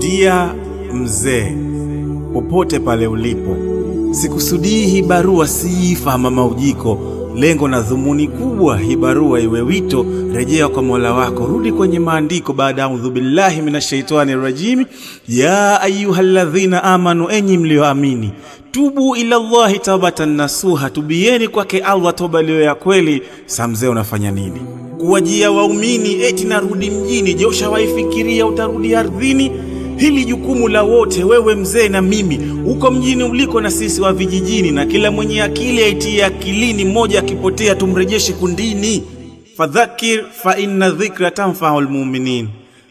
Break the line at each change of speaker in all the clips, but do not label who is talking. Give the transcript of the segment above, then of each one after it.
Dia mzee, popote pale ulipo, sikusudii hii barua siifa mama Ujiko lengo na dhumuni kubwa. Hii barua iwe wito, rejea kwa Mola wako, rudi kwenye maandiko. Baada ya audhu billahi minashaitani rajimi, ya ayyuhalladhina amanu, enyi mlioamini Tubu ila Allahi taubatan nasuha, tubieni kwake Allah toba iliyo ya kweli. Samzee, unafanya nini kuwajia waumini eti narudi mjini? Je, ushawaifikiria utarudi ardhini? Hili jukumu la wote, wewe mzee na mimi, uko mjini uliko na sisi wa vijijini, na kila mwenye akili aitie akilini, mmoja akipotea tumrejeshe kundini. Fadhakir fa inna dhikra tanfaul lmuminin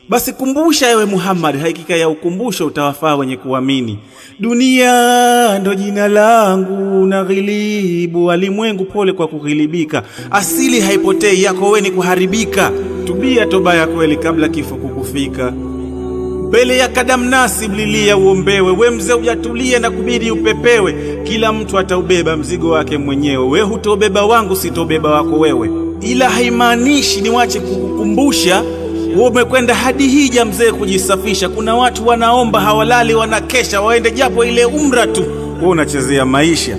basi kumbusha ewe Muhammad, hakika ya ukumbusho utawafaa wenye kuamini. Dunia ndo jina langu, na ghilibu walimwengu, pole kwa kughilibika. Asili haipotei yako, weni kuharibika. Tubia toba ya kweli kabla kifo kukufika mbele ya kadamnasi mlilia uombewe, we mzee ujatulie na kubidi upepewe. Kila mtu ataubeba mzigo wake mwenyewe, we hutobeba wangu, sitobeba wako wewe. Ila haimaanishi niwache kukukumbusha umekwenda hadi hija mzee kujisafisha. Kuna watu wanaomba hawalali, wanakesha, waende japo ile umra tu. Wewe unachezea maisha,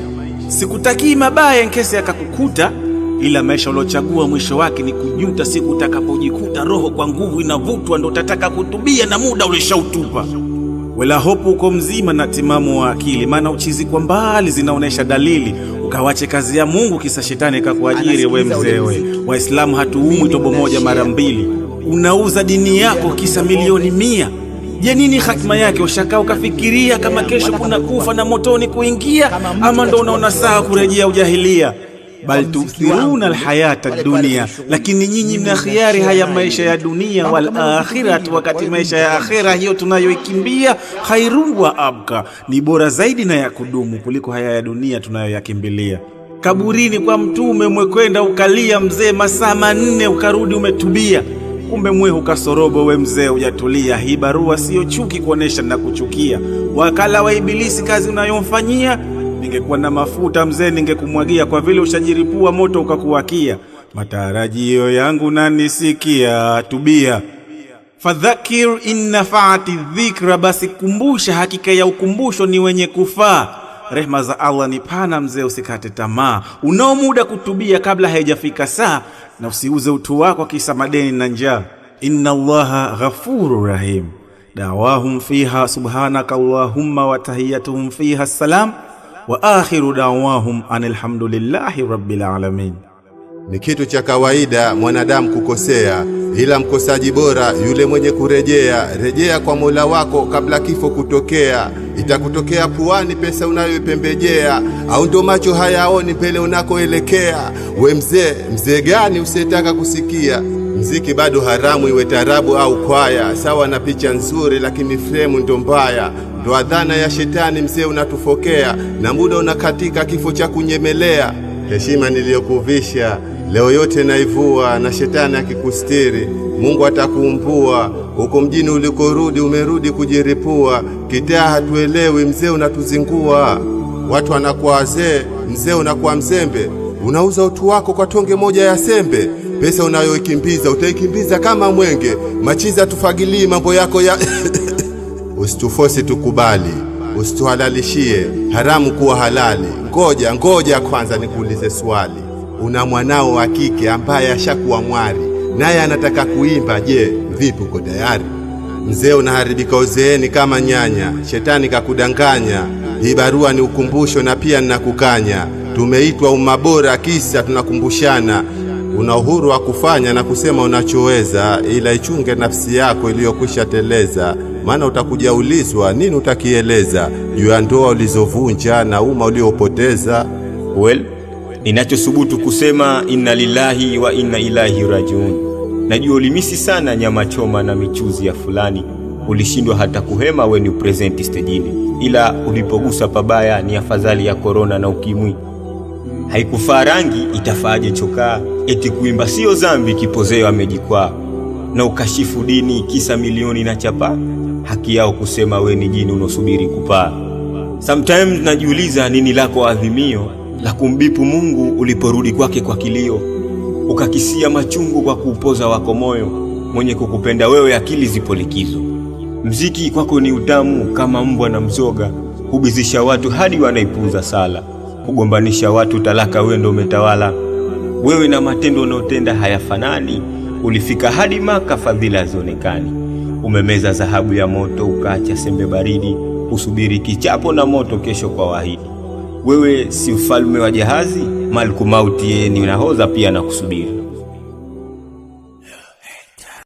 sikutakii mabaya nkesi yakakukuta ila maisha uliochagua mwisho wake ni kujuta siku utakapojikuta roho kwa nguvu inavutwa, ndo utataka kutubia na muda ulishautupa. Wala hopu uko mzima na timamu wa akili, maana uchizi kwa mbali zinaonyesha dalili ukawache kazi ya Mungu kisa shetani kakuajiri. We mzewe, Waislamu hatuumwi tobo moja mara mbili. Unauza dini yako kisa milioni mia. Je, nini hatima yake? Ushakaa ukafikiria kama kesho kuna kufa na motoni kuingia, ama ndo unaona saa kurejea ujahilia? bal tuthiruna alhayata dunia, lakini nyinyi mna khiari haya maisha ya dunia, wal akhirat, wakati maisha ya akhera hiyo tunayoikimbia, khairun wa abka, ni bora zaidi na ya kudumu kuliko haya ya dunia tunayoyakimbilia. Kaburini kwa mtume mwekwenda ukalia mzee masaa manne, ukarudi umetubia kumbe mwe hukasorobo we mzee hujatulia. Hii barua siyo chuki kuonesha na kuchukia, wakala wa Ibilisi kazi unayomfanyia ningekuwa na mafuta mzee ningekumwagia, kwa vile ushajiripua moto ukakuwakia. Matarajio yangu nanisikia tubia. Fadhakir in nafaati dhikra, basi kumbusha, hakika ya ukumbusho ni wenye kufaa. Rehma za Allah ni pana mzee, usikate tamaa. Unao muda kutubia kabla haijafika saa, na usiuze utu wako kisa madeni na njaa. Inna Allaha ghafuru rahim. Dawahum fiha subhanaka Allahumma wa tahiyatuhum fiha salam wa akhiru dawahum anilhamdulillahi rabbil alamin.
Ni kitu cha kawaida mwanadamu kukosea, ila mkosaji bora yule mwenye kurejea. Rejea kwa Mola wako kabla kifo kutokea. Itakutokea puani pesa unayoipembejea, au ndo macho hayaoni mbele unakoelekea. We mzee, mzee gani usiyetaka kusikia mziki bado haramu, iwe tarabu au kwaya. Sawa na picha nzuri, lakini fremu ndo mbaya. Ndoa dhana ya shetani mzee unatufokea na muda unakatika, kifo cha kunyemelea. Heshima niliyokuvisha leo yote naivua, na shetani akikustiri Mungu atakuumbua. Huko mjini ulikorudi umerudi kujiripua, kitaa hatuelewi mzee, unatuzingua. Watu wanakuwa wazee, mzee unakuwa mzembe, unauza utu wako kwa tonge moja ya sembe. Pesa unayoikimbiza utaikimbiza kama mwenge, machiza tufagilii mambo yako ya usitufose tukubali, usituhalalishie haramu kuwa halali. Ngoja ngoja kwanza nikuulize swali, una mwanao wa kike ambaye ashakuwa mwari naye anataka kuimba. Je, vipi, uko tayari? Mzee unaharibika uzeeni kama nyanya, shetani kakudanganya. Hii barua ni ukumbusho, na pia ninakukanya. Tumeitwa umma bora, kisa tunakumbushana Una uhuru wa kufanya na kusema unachoweza, ila ichunge nafsi yako iliyokwisha teleza, maana utakuja ulizwa nini utakieleza juu ya ndoa ulizovunja na uma uliopoteza. Well, ninachosubutu kusema inna lillahi wa inna ilahi rajiun. Najua ulimisi sana nyama choma na michuzi ya fulani, ulishindwa hata kuhema when you present stejini, ila ulipogusa pabaya ni afadhali ya korona na ukimwi haikufaa rangi itafaaje chokaa? Eti kuimba siyo zambi kipozeo amejikwaa. Na ukashifu dini kisa milioni na chapa, haki yao kusema we ni jini unosubiri kupaa. Sometimes najiuliza nini lako adhimio la kumbipu Mungu uliporudi kwake kwa kilio, ukakisia machungu kwa kuupoza wako moyo, mwenye kukupenda wewe akili zipo likizo. Mziki kwako ni utamu kama mbwa na mzoga, hubizisha watu hadi wanaipuza sala kugombanisha watu talaka, wewe ndio umetawala. Wewe na matendo unayotenda hayafanani. Ulifika hadi Maka, fadhila hazionekani. Umemeza dhahabu ya moto, ukaacha sembe baridi, usubiri kichapo na moto kesho kwa wahidi. Wewe si mfalme wa jahazi, malku mauti, yeye ni nahodha pia na kusubiri